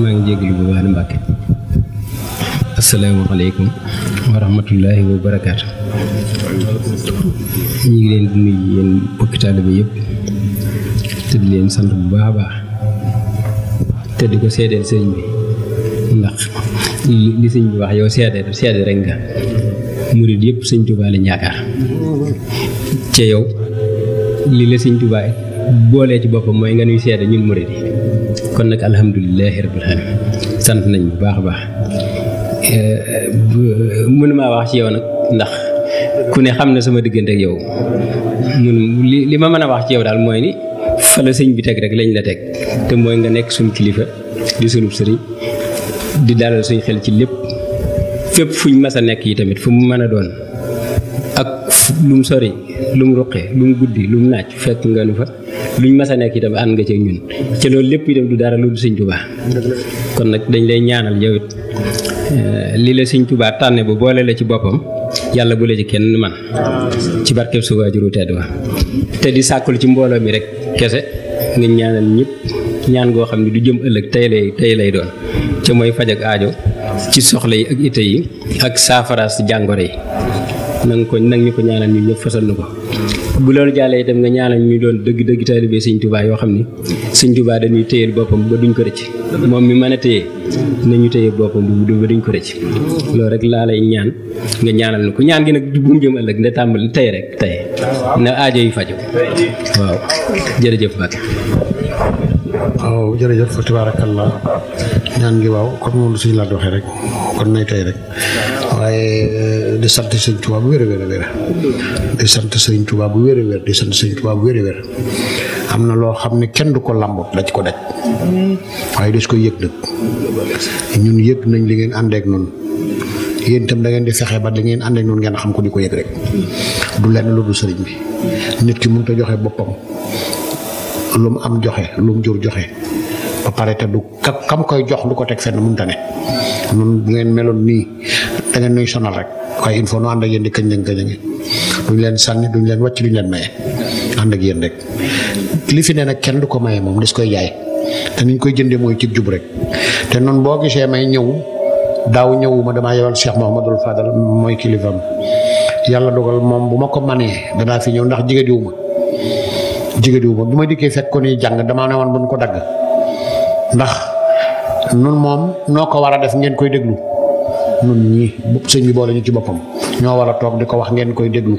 maa ngi jégalu bu baax di Mbàkke asalaamaaleykum wa rahmatullahi wa ñu ngi leen di nuyu yéen bokki taalibe yëpp te leen sant bu baax a baax te di ko seedeel sëñ bi ndax sëñ bi wax yow seede seede rek nga murid yëpp sëñ Tuubaa lañ ca yow li la sëñ Tuubaa boolee ci boppam mooy nga nuy seede ñun murid yi kon nag alhamdulilahi rabbil alamin sant nañ bu baax a baax eh, mënumaa wax ci yow nag ndax ku ne xam na sama diggante yow mun li li ma mën a wax ci yow daal mooy ni fa la sëñ bi teg rek lañ la teg te mooy nga nekk suñ kilifa di sunub sëriñ di dalal suñ xel ci lépp fépp fuñ mas a nekk yi tamit fu mu mën a doon lu sori lu mu ruqe lu guddi lu mu naaj fekk nga nu fa luñ mas a nekk itam ànd nga ci ñun ci loolu lépp itam du dara lu du sëñ Tuubaa kon nag dañ lay ñaanal yow it eh, li la sëñ tubaa tànne bu boole la ci boppam yàlla bu la ci kenn man ci barkeb su waajuru tedd wa te di sàkkul ci mbooloo mi rek kese nga ñaanal ñëpp ñaan goo xam ne du jëm ëllëg tey lay tey lay doon ca mooy faj ak aajo ci soxla yi ak ite yi ak saafaraas jàngoro yi na ko na ñu ko ñaanal ñu ñëpp fasal na ko bu loolu jàllee itam nga ñaanal ñu doon dëgg-dëgg taalibe sëñ Tuubaa yoo xam ni sëñ Tuubaa dañuy téyel boppam ba duñ ko rëcc moom mi mën a téye nañu téye boppam bu ba duñ ko rëcc loolu rek laa lay ñaan nga ñaanal na ku ñaan gi nag bu mu jëm ëllëg tàmbal tey rek tey na aajo yi faju waaw jërëjëf Mbacke waaw jërëjëf fa la ñaan gi waaw comme noonu suñu laat waxee rek kon nay tey rek waaye eh, di sant sëñ Tuubaa bu wér a di sant sëñ tubaab bu wér di sant sëñ Tuubaa bu wér am na loo xam ne kenn du ko làmbut daj ko daj waaye des ko yëg nag ñun yëg nañ li ngeen àndeek noon yéen itam da ngeen di fexe ba li ngeen àndeek noonu ngeen xam ko di ko yëg rek du lenn lu dul sëriñ bi nit ki mënut a joxe boppam lu am joxe lu mu jur joxe ba pare te du kam koy jox du ko teg fenn mënta tane ñun bu ngeen meloon nii da ngeen nuy sonal rek waaye il faut nu ànd ak di këñ leen këñ leen sànni duñ leen wàcc duñ leen maye ànd ak yéen rek li fi ne nag kenn du ko maye moom des koy jaay te niñ koy jëndee mooy ci jub rek te noonu boo gisee may ñëw daaw ñëwuma damaa yewal Cheikh Mouhamadul Fadal mooy kilifam yàlla dogal moom bu ma ko manee danaa fi ñëw ndax jigéen jigéediwu ko bi ma dikkee fekk ko nii jàng damaa ne woon buñ ko dagg ndax nun moom noo ko war a def ngeen koy déglu nun ñii sëñ bi boole ñu ci boppam ñoo war a toog di ko wax ngeen koy déglu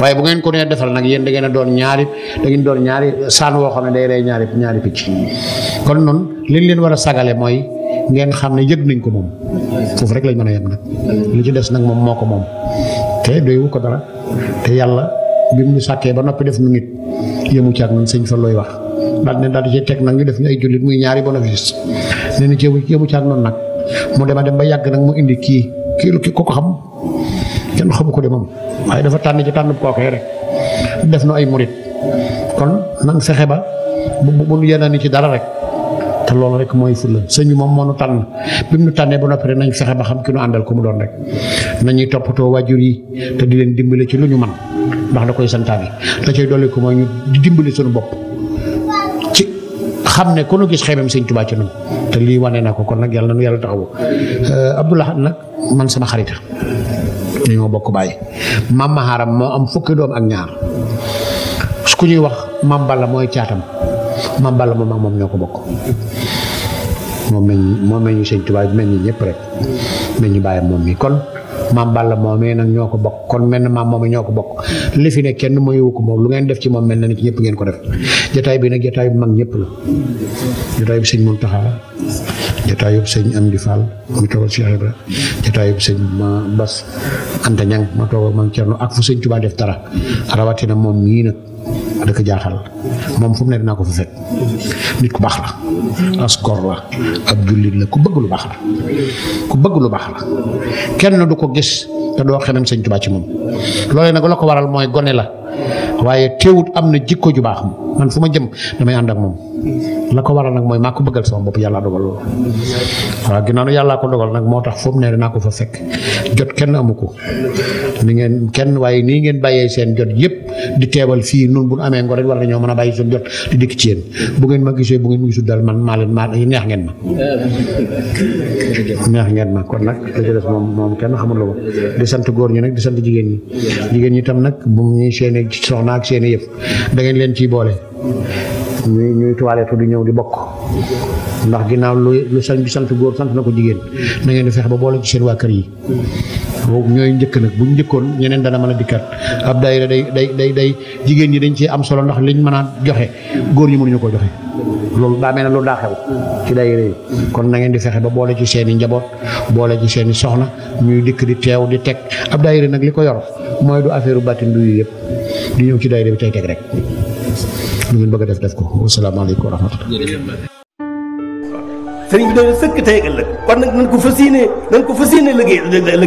waaye bu ngeen ko nee defal nag yéen da ngeen a doon ñaari da doon ñaari saan woo xam ne day rey ñaari ñaari picc kon nun liñ leen war a sagale mooy ngeen xam ne yëg nañ ko moom foofu rek lañ mën a yem nag li ci des nag moom moo ko moom te doywu ko dara te yàlla bi mu ñu sàkkee ba noppi def nu nit yëmu ci ak ñun sëñ fa looy wax daal ne daal ci teg nag ñu def ñu ay jullit muy ñaari bénéfice nee na ci yëmu ci ak nag mu dema dem ba yàgg nag mu indi kii kii ko ko xam kenn xamu ko de moom waaye dafa tànn ci tànn kookee rek def na ay murit kon nang fexe ba bu bu bu yeneen ci dara rek te loolu rek mooy fulla sëñ bi moom moo nu tànn bi mu nu tànnee ba noppi rek nañ fexe ba xam ki nu àndal ko mu doon rek nañuy toppatoo waa yi te di leen dimbale ci lu ñu man ndax da koy santaane la cay dolli ko mooy ñu dimbali suñu bopp ci xam ne ku nu gis xeemem sëñ Tuubaa ci noonu te lii wane na ko kon nag yàlla na nu yàlla taxawu euh, Abdoulaye nag man sama xarit dañoo bokk bàyyi maam Maharam moo am fukki doom ak ñaar ku ñuy wax maam Balla mooy caatam mam Balla moom ak moom ñoo ko bokk. moom meñ moom meñu sëñ Tuubaa mel ni ñëpp rek mm. mel ñu bàyyi moom mi kon maam Balla moomee nag ñoo ko bokk kon mel na maam moomee ñoo ko bokk li fi ne kenn mooywu ko moom lu ngeen def ci moom mel na ni ci ñëpp ngeen ko def jotaay bi nag jotaay bu mag ñëpp la jotaay bu sëñ Muntaxa la jotaay yóbbu am Amdi Fall mu toogal Cheikh Ibra jotaay yóbbu sëñ ma Bas Anta Ñang ma toogal ma Cerno ak fu sëñ Tuubaa def dara mm. rawatina moom mii nag ma dëkk jaaxal moom fu ne dinaa ko fa fekk nit ku baax la as la ab jullit la ku bëgg lu baax la ku bëgg lu baax la kenn du ko gis te doo xemem sëñ Tuubaa ci moom loolee nag la ko waral mooy gone la waaye teewut am na jikko ju baax man fu ma jëm damay ànd ak moom la ko waral nag mooy maa ko bëggal sama bopp yàlla dogal loolu waaw ginnaaw yàllaa ko dogal nag moo tax foofu ne dinaa ko fa fekk jot kenn amu ko ni ngeen kenn waaye nii ngeen bàyyee seen jot yëpp di teewal fii nun bu amee ngor rek war nañoo mën a bàyyi seen jot dikk ci yéen bu ngeen ma gisee bu ngeen ma gisul man maa leen maa neex ngeen ma neex ngeen ma kon nag li moom moom kenn xamul di sant góor ñi nag di sant jigéen ñi jigéen ñi tam nag bu ñuy seeni seeni soxna ak seeni yëpp dangeen leen ciy boole ñuy ñuy toiletu di ñëw di bokk ndax ginnaaw lu lu sañ sant góor sant na ko jigéen na ngeen di fexe ba boole ci seen waa kër yi ñooy njëkk nag bu ñu njëkkoon ñeneen dana mën a dikkat ab daayira day day day day jigéen ñi dañ ci am solo ndax liñ mën a joxe góor ñi mënuñu ko joxe loolu daa mel ne loolu daa xew ci kon na ngeen di fexe ba boole ci seen i njaboot boole ci seen i soxna ñuy dikk di teew di teg ab daayira nag li ko yor mooy du affaire bàttin du yëpp di ñëw ci daayira teg rek lu ngeen bëgg def def ko wa rahmatullah sëriñ bi dana sëkk tey ëllëg kon nag nañ ko fas yéene nañ ko fas yéene